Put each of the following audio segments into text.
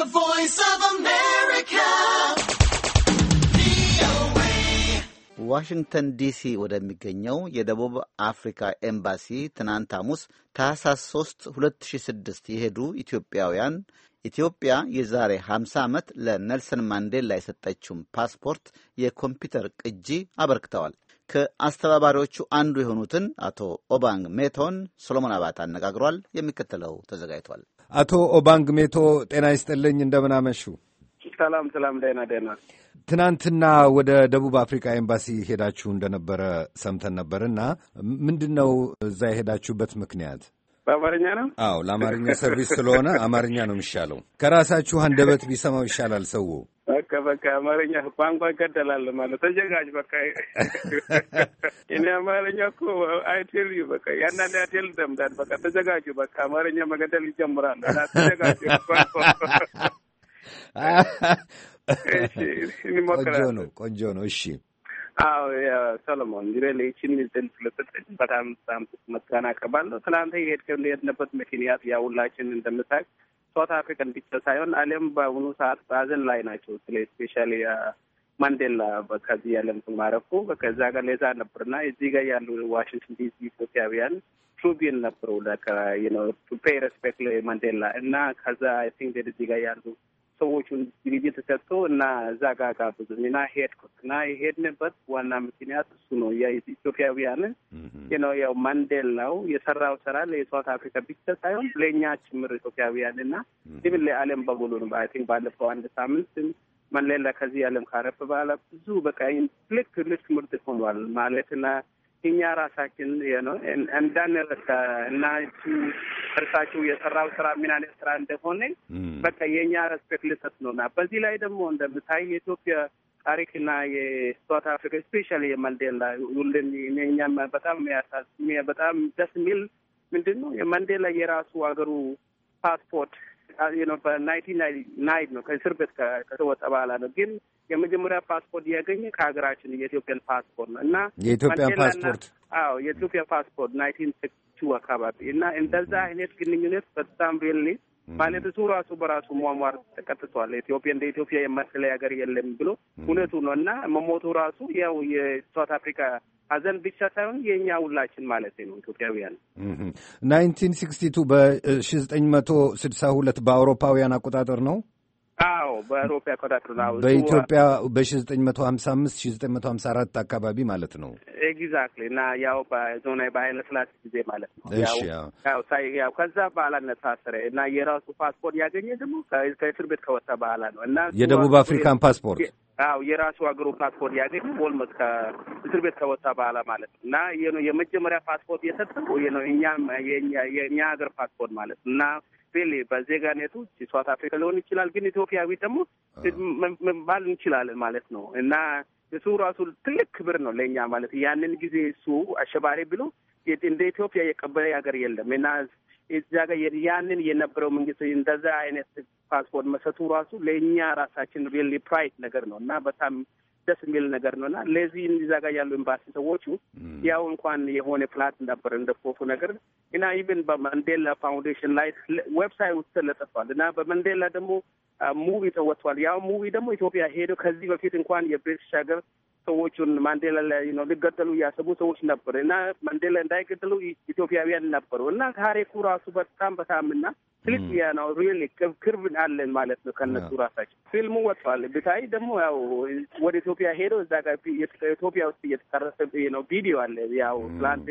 The Voice of America. ዋሽንግተን ዲሲ ወደሚገኘው የደቡብ አፍሪካ ኤምባሲ ትናንት ሐሙስ ታህሳስ 3 2006 የሄዱ ኢትዮጵያውያን ኢትዮጵያ የዛሬ 50 ዓመት ለኔልሰን ማንዴላ የሰጠችውን ፓስፖርት የኮምፒውተር ቅጂ አበርክተዋል። ከአስተባባሪዎቹ አንዱ የሆኑትን አቶ ኦባንግ ሜቶን ሶሎሞን አባት አነጋግሯል። የሚከተለው ተዘጋጅቷል። አቶ ኦባንግ ሜቶ ጤና ይስጥልኝ፣ እንደምናመሹ። ሰላም ሰላም፣ ደህና ደህና። ትናንትና ወደ ደቡብ አፍሪካ ኤምባሲ ሄዳችሁ እንደነበረ ሰምተን ነበርና ምንድን ነው እዛ የሄዳችሁበት ምክንያት? በአማርኛ ነው? አዎ ለአማርኛ ሰርቪስ ስለሆነ አማርኛ ነው የሚሻለው። ከራሳችሁ አንደበት ቢሰማው ይሻላል ሰው። በቃ በቃ አማርኛ ቋንቋ ይገደላል ማለት ተዘጋጅ። በቃ እኔ አማርኛ እኮ አይቴል ዩ በቃ ያናን አይቴል ደምዳል። በቃ ተዘጋጁ። በቃ አማርኛ መገደል ይጀምራል። ተዘጋጁ። ቆንጆ ነው፣ ቆንጆ ነው። እሺ አዎ ሰለሞን እንግዲህ ለይችን ሚልትን ስለሰጠች በጣም በጣም ምስጋና አቀርባለሁ። ትናንተ የሄድንበት ምክንያት ያው ሁላችን እንደምታውቅ ሶት አፍሪካን ብቻ ሳይሆን ዓለም በአሁኑ ሰዓት በሀዘን ላይ ናቸው። ስለ ስፔሻሊ ማንዴላ በከዚህ ያለም ማረፉ ከዛ ጋር ሌዛ ነበርና እዚህ ጋር ያሉ ዋሽንግተን ዲሲ ኢትዮጵያውያን ትሩቢን ነበሩ ቱፔ ሬስፔክት ማንዴላ እና ከዛ አይ ቲንክ እዚህ ጋር ያሉ ሰዎቹን ድርጅት ሰጥቶ እና እዛ ጋር ጋበዙኝ እና ሄድኩት እና የሄድንበት ዋና ምክንያት እሱ ነው። የኢትዮጵያውያን ነው ያው ማንዴል ነው የሰራው ስራ ለሳውት አፍሪካ ብቻ ሳይሆን ለእኛ ጭምር ኢትዮጵያውያን እና ግን ለዓለም በሙሉ ነው። አይ ቲንክ ባለፈው አንድ ሳምንት ማንዴላ ከዚህ ዓለም ካረፍ በኋላ ብዙ በቃ ልክ ልክ ምርት ሆኗል ማለት ማለትና እኛ ራሳችን ነው እንዳንረዳ እና እርሳችሁ የሰራው ስራ ምን አይነት ስራ እንደሆነ በቃ የእኛ ረስፔክት ልሰጥ ነውና፣ በዚህ ላይ ደግሞ እንደምታይ የኢትዮጵያ ታሪክና የስዋት አፍሪካ ስፔሻሊ የማንዴላ ሁልን እኛም በጣም በጣም ደስ የሚል ምንድን ነው የማንዴላ የራሱ ሀገሩ ፓስፖርት በናይንቲን በናይንቲ ናይን ነው ከእስር ቤት ከተወጣ በኋላ ነው። ግን የመጀመሪያ ፓስፖርት ያገኘ ከሀገራችን የኢትዮጵያን ፓስፖርት ነው እና የኢትዮጵያ ፓስፖርት አዎ የኢትዮጵያ ፓስፖርት ናይንቲን ሲክስቲ አካባቢ እና እንደዛ አይነት ግንኙነት በጣም ሪሊ ማለት እሱ ራሱ በራሱ ሟሟር ተቀጥቷል። ኢትዮጵያ እንደ ኢትዮጵያ የማትለይ ሀገር የለም ብሎ እውነቱ ነው እና መሞቱ ራሱ ያው የሳውት አፍሪካ ሀዘን ብቻ ሳይሆን የእኛ ሁላችን ማለት ነው ኢትዮጵያውያን። ናይንቲን ሲክስቲ ቱ በሺህ ዘጠኝ መቶ ስድሳ ሁለት በአውሮፓውያን አቆጣጠር ነው አዎ በአውሮፓ አቆጣጠር በኢትዮጵያ በሺ ዘጠኝ መቶ ሀምሳ አምስት ሺ ዘጠኝ መቶ ሀምሳ አራት አካባቢ ማለት ነው። ኤግዛክትሊ እና ያው በዞና በኃይለ ስላሴ ጊዜ ማለት ነው። ያው ያው ከዛ በኋላ ነታሰረ እና የራሱ ፓስፖርት ያገኘ ደግሞ ከእስር ቤት ከወጣ በኋላ ነው እና የደቡብ አፍሪካን ፓስፖርት አዎ የራሱ አገሩ ፓስፖርት ያገኘ ኦልሞስት ከእስር ቤት ከወጣ በኋላ ማለት ነው እና የመጀመሪያ ፓስፖርት የሰጠው ነው የኛ የእኛ ሀገር ፓስፖርት ማለት እና ስቲል በዜጋነቱ ሳውት አፍሪካ ሊሆን ይችላል፣ ግን ኢትዮጵያዊ ደግሞ መባል እንችላለን ማለት ነው እና እሱ ራሱ ትልቅ ክብር ነው ለእኛ ማለት ያንን ጊዜ እሱ አሸባሪ ብሎ እንደ ኢትዮጵያ የቀበለ ሀገር የለም እና እዚያ ጋር ያንን የነበረው መንግስት እንደዛ አይነት ፓስፖርት መሰቱ ራሱ ለእኛ ራሳችን ሪል ፕራይድ ነገር ነው እና በጣም ደስ የሚል ነገር ነው እና ለዚህ እዛ ጋር ያሉ ኤምባሲ ሰዎቹ ያው እንኳን የሆነ ፕላት ነበር እንደ ፎቶ ነገር እና ኢቨን በመንዴላ ፋውንዴሽን ላይ ዌብሳይት ተለጥፏል እና በመንዴላ ደግሞ ሙቪ ተወጥቷል። ያው ሙቪ ደግሞ ኢትዮጵያ ሄዶ ከዚህ በፊት እንኳን የብሪትሽ ሀገር ሰዎቹን ማንዴላ ላይ ነው ሊገጠሉ እያሰቡ ሰዎች ነበር እና ማንዴላ እንዳይገጥሉ ኢትዮጵያውያን ነበሩ እና ታሪኩ ራሱ በጣም በጣም እና ክሊያ ነው ሪል ክርብ አለን ማለት ነው ከነሱ ራሳቸው ፊልሙ ወጥቷል። ብታይ ደግሞ ያው ወደ ኢትዮጵያ ሄደው እዛ ጋር ኢትዮጵያ ውስጥ እየተቀረሰ ነው ቪዲዮ አለ ያው ትላንት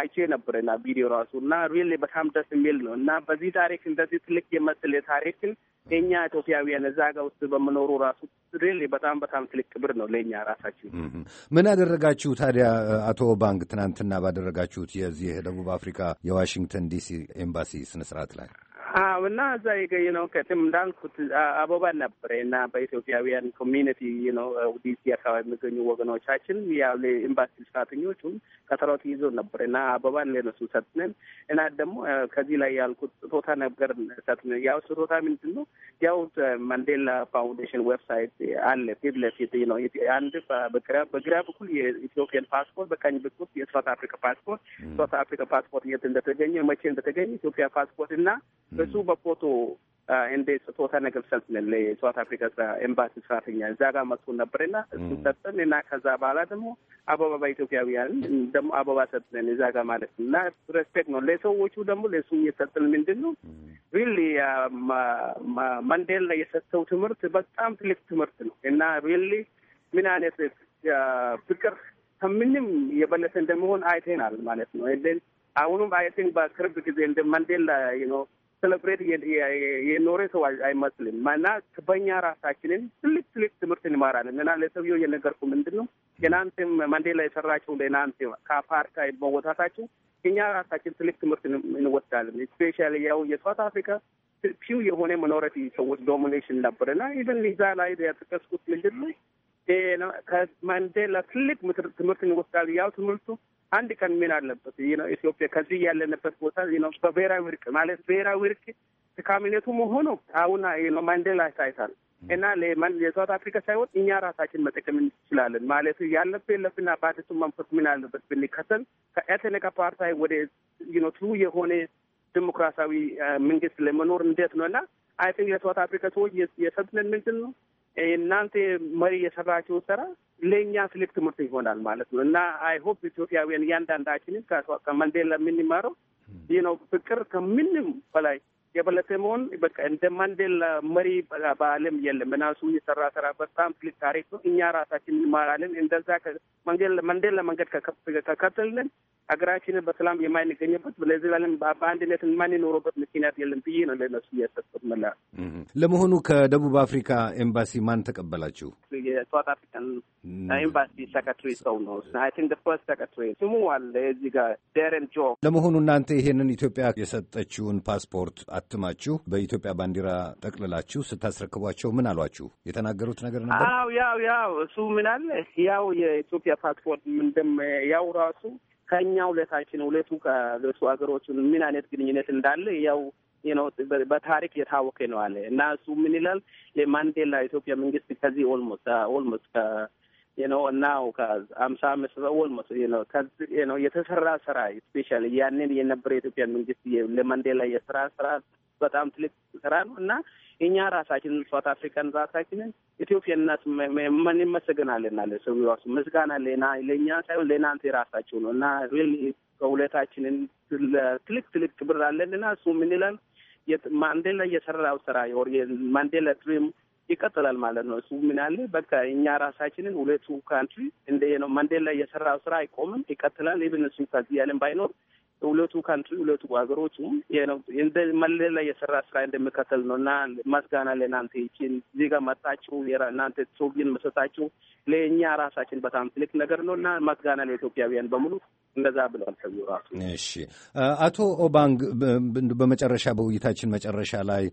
አይቼ ነበረና ቪዲዮ ራሱ እና ሪል በጣም ደስ የሚል ነው እና በዚህ ታሪክ እንደዚህ ትልቅ የመስል ታሪክን የኛ ኢትዮጵያውያን እዛ ጋ ውስጥ በምኖሩ ራሱ ሪል በጣም በጣም ትልቅ ክብር ነው ለእኛ ራሳችን። ምን አደረጋችሁ ታዲያ አቶ ባንክ ትናንትና ባደረጋችሁት የዚህ ደቡብ አፍሪካ የዋሽንግተን ዲሲ ኤምባሲ ስነስርዓት ላይ? አዎ። እና እዛ የገኝ ነው ቅድም እንዳልኩት አበባ ነበረ እና በኢትዮጵያውያን ኮሚኒቲ ነው ዲሲ አካባቢ የሚገኙ ወገኖቻችን ያው ኤምባሲ ሰራተኞቹም ከተራት ይዞ ነበር እና አበባን ለነሱ ሰጥነን እና ደግሞ ከዚህ ላይ ያልኩት ስጦታ ነገር ሰጥነን። ያው ስጦታ ምንድን ነው ያው ማንዴላ ፋውንዴሽን ዌብሳይት አለ ፊት ለፊት ነው አንድ በግራ በኩል የኢትዮጵያን ፓስፖርት በቀኝ በኩል የሳውት አፍሪካ ፓስፖርት ሳውት አፍሪካ ፓስፖርት የት እንደተገኘ መቼ እንደተገኘ ኢትዮጵያ ፓስፖርት እና እሱ በፎቶ እንደ ስጦታ ነገር ሰጥነን ለሳውት አፍሪካ ኤምባሲ ሰራተኛ እዛ ጋር መጥቶ ነበርና እሱ ሰጥን እና ከዛ በኋላ ደግሞ አበባ በኢትዮጵያውያን ደግሞ አበባ ሰጥነን እዛ ጋር ማለት እና ሬስፔክት ነው ለሰዎቹ ደግሞ ለሱ እየሰጥን ምንድን ነው ሪል ማንዴላ የሰጠው ትምህርት በጣም ትልቅ ትምህርት ነው እና ሪል ምን አይነት ፍቅር ከምንም የበለሰ እንደመሆን አይተናል ማለት ነው። አሁኑም አይቲንክ በቅርብ ጊዜ እንደ ማንዴላ ነው ሴሌብሬት የኖረ ሰው አይመስልም እና በእኛ ራሳችንን ትልቅ ትልቅ ትምህርት እንማራለን እና ለሰውየው የነገርኩ ምንድን ነው የናንተም ማንዴላ የሰራቸው ለናንተ ከአፓርታይድ መወጣታቸው እኛ ራሳችን ትልቅ ትምህርት እንወስዳለን። ስፔሻሊ ያው የሳውት አፍሪካ ፒው የሆነ መኖረት ሰዎች ዶሚኔሽን ነበር እና ኢቨን ሊዛ ላይ ያጠቀስኩት ምንድን ነው ከማንዴላ ትልቅ ትምህርት እንወስዳለን ያው ትምህርቱ አንድ ቀን ምን አለበት ነው ኢትዮጵያ ከዚህ ያለንበት ቦታ ነው በብሔራዊ እርቅ ማለት ብሔራዊ እርቅ ተካሚነቱ መሆኑ አሁን ነው ማንዴላ ታይታል እና የሳውት አፍሪካ ሳይሆን እኛ ራሳችን መጠቀም እንችላለን ማለት ያለብ የለብን አባትቱ መንፈስ ምን አለበት ብንከተል ከኤትኒክ ፓርታይ ወደ ነው ትሩ የሆነ ዲሞክራሲያዊ መንግስት ለመኖር እንዴት ነው እና አይ ቲንክ የሳውት አፍሪካ ሰዎች የሰብንን ምንድን ነው እናንተ መሪ የሰራችሁ ስራ ለእኛ ስልክ ትምህርት ይሆናል ማለት ነው እና አይ ሆፕ ኢትዮጵያውያን እያንዳንዳችንን ከማንዴላ የምንማረው ይህ ነው። ፍቅር ከምንም በላይ የበለጠ መሆን በቃ እንደ ማንዴላ መሪ በዓለም የለም። ምናሱ የሰራ ስራ በጣም ትልቅ ታሪክ ነው። እኛ ራሳችን እንማራለን። እንደዛ ማንዴላ መንገድ ከከተልን ሀገራችንን በሰላም የማንገኝበት ለዚህ ዓለም በአንድነት የማንኖረበት ምክንያት የለም ብዬ ነው ለነሱ እያሰብኩት መላ። ለመሆኑ ከደቡብ አፍሪካ ኤምባሲ ማን ተቀበላችሁ? የሳውት አፍሪካን ኤምባሲ ሰክሬታሪ ሰው ነው። አይ ቲንክ ፈርስት ሰክሬታሪ ስሙ አለ እዚህ ጋር ደረን ጆ። ለመሆኑ እናንተ ይሄንን ኢትዮጵያ የሰጠችውን ፓስፖርት አትማችሁ በኢትዮጵያ ባንዲራ ጠቅልላችሁ ስታስረክቧቸው ምን አሏችሁ? የተናገሩት ነገር ነበር? አዎ ያው ያው እሱ ምን አለ ያው የኢትዮጵያ ፓስፖርት ምንድም ያው ራሱ ከእኛ ሁለታችን ሁለቱ ከሁለቱ ሀገሮች ምን አይነት ግንኙነት እንዳለ ያው በታሪክ የታወቀ ነው አለ እና እሱ ምን ይላል የማንዴላ ኢትዮጵያ መንግስት ከዚህ ኦልሞስት ኦልሞስት ነው እና ከአምሳ አመት ኦልሞስት ነው የተሰራ ስራ ስፔሻል ያንን የነበረ የኢትዮጵያ መንግስት ለማንዴላ የስራ ስራ በጣም ትልቅ ስራ ነው እና እኛ ራሳችንን ሳውት አፍሪካን ራሳችንን ኢትዮጵያናት እንመሰገናለን አለ ሰው ራሱ ምስጋና ሌና ለእኛ ሳይሆን ለእናንተ ራሳቸው ነው እና ሪል ከሁለታችንን ትልቅ ትልቅ ክብር አለን እና እሱ ምን ይላል ማንዴላ የሰራው ስራ ማንዴላ ድሪም ይቀጥላል ማለት ነው። እሱ ምን አለ በቃ እኛ ራሳችንን ሁለቱ ካንትሪ እንደ ነው ማንዴላ የሰራው ስራ አይቆምም፣ ይቀጥላል። ኢብን እሱ ከዚህ ዓለም ባይኖር ሁለቱ ካንትሪ ሁለቱ ሀገሮቹ ላይ የሰራ ስራ እንደሚከተል ነው እና መስጋና ለእናንተ ይችን እዚህ ጋር መጣችሁ እናንተ ሶቪን መሰጣችሁ ለእኛ ራሳችን በጣም ትልቅ ነገር ነው እና መስጋና ለኢትዮጵያውያን በሙሉ እንደዛ ብለዋል ሰው ራሱ። እሺ አቶ ኦባንግ በመጨረሻ በውይይታችን መጨረሻ ላይ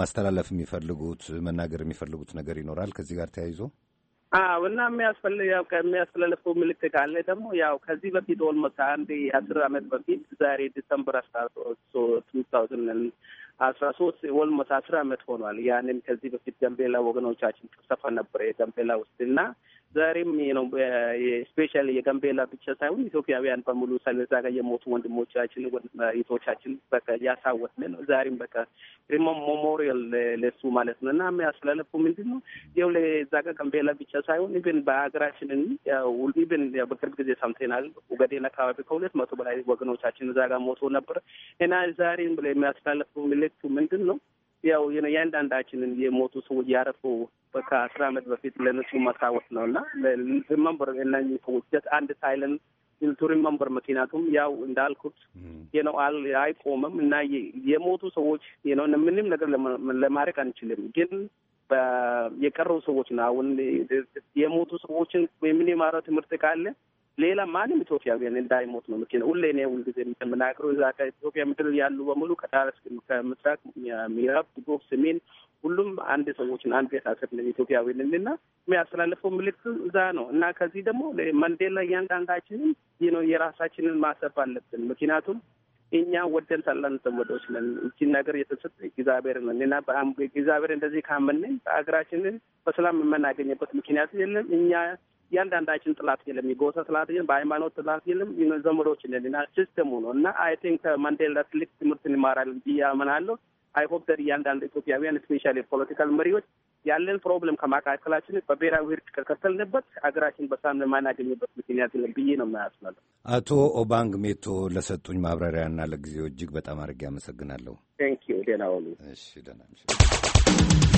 ማስተላለፍ የሚፈልጉት መናገር የሚፈልጉት ነገር ይኖራል ከዚህ ጋር ተያይዞ አዎ እና የሚያስፈል ያው ከሚያስተላልፈው ምልክት ካለ ደግሞ ያው ከዚህ በፊት ኦልሞስት አንድ አስር አመት በፊት ዛሬ ዲሰምበር አስራ ቱ አስራ ሶስት ኦልሞስት አስር አመት ሆኗል። ያንን ከዚህ በፊት ጋምቤላ ወገኖቻችን ስብሰባ ነበረ የጋምቤላ ውስጥ እና ዛሬም ነው ስፔሻል የጋምቤላ ብቻ ሳይሆን ኢትዮጵያውያን በሙሉ ሰለዛ ጋር የሞቱ ወንድሞቻችን እህቶቻችን በቃ ያሳወስን ነው። ዛሬም በቃ ሪሞ ሞሞሪያል ለሱ ማለት ነው እና የሚያስተላለፉ ምንድን ነው ይው ለዛ ጋር ጋምቤላ ብቻ ሳይሆን ኢብን በሀገራችን ኢብን በቅርብ ጊዜ ሰምተናል። ኦጋዴን አካባቢ ከሁለት መቶ በላይ ወገኖቻችን እዛ ጋር ሞቶ ነበር እና ዛሬም የሚያስተላለፉ ምልክቱ ምንድን ነው ያው የእያንዳንዳችንን የሞቱ ሰዎች ያረፉ ከአስር አመት በፊት ለነሱ ማስታወስ ነው እና ሪመምበር እነዚህ ሰዎች ጀስት አንድ ሳይለን ቱ ሪመምበር ምክንያቱም ያው እንዳልኩት ነው አይቆምም እና የሞቱ ሰዎች የነው ምንም ነገር ለማድረግ አንችልም ግን የቀረው ሰዎች ነው አሁን የሞቱ ሰዎችን የምን የሚኒማረው ትምህርት ካለ ሌላ ማንም ኢትዮጵያውያን እንዳይሞት ነው ምክንያት ሁሌ እኔ ሁልጊዜ የምናገረው እዛ ከኢትዮጵያ ምድር ያሉ በሙሉ ከዳር ከምስራቅ ምዕራብ፣ ደቡብ፣ ሰሜን ሁሉም አንድ ሰዎችን አንድ ቤተሰብ ነን ኢትዮጵያዊንን እና የሚያስተላልፈው ምልክት እዛ ነው እና ከዚህ ደግሞ መንዴላ እያንዳንዳችንም ይህ ነው የራሳችንን ማሰብ አለብን። ምክንያቱም እኛ ወደን ሳላን ተወደዎች ነን። እቺን ነገር የተሰጠ እግዚአብሔር ነን እና እግዚአብሔር እንደዚህ ካመነኝ በሀገራችንን በሰላም የምናገኝበት ምክንያት የለም እኛ እያንዳንዳችን ጥላት የለም። የጎሳ ጥላት የለም። በሃይማኖት ጥላት የለም። ዘመዶች ነን። ሲስተሙ ነው እና አይ ቲንክ ማንዴላ ትልቅ ትምህርት እንማራለን ብዬ አምናለሁ። አይ ሆፕ ደር እያንዳንዱ ኢትዮጵያውያን ስፔሻሊ ፖለቲካል መሪዎች ያለን ፕሮብለም ከማካከላችን በብሔራዊ እርቅ ከቀጠልንበት ሀገራችን በሰላም የማናገኝበት ምክንያት የለም ብዬ ነው የማያስላለው። አቶ ኦባንግ ሜቶ ለሰጡኝ ማብራሪያና ለጊዜው እጅግ በጣም አድርጌ አመሰግናለሁ። ቴንክ ዩ። ደህና ዋሉ። እሺ፣ ደህና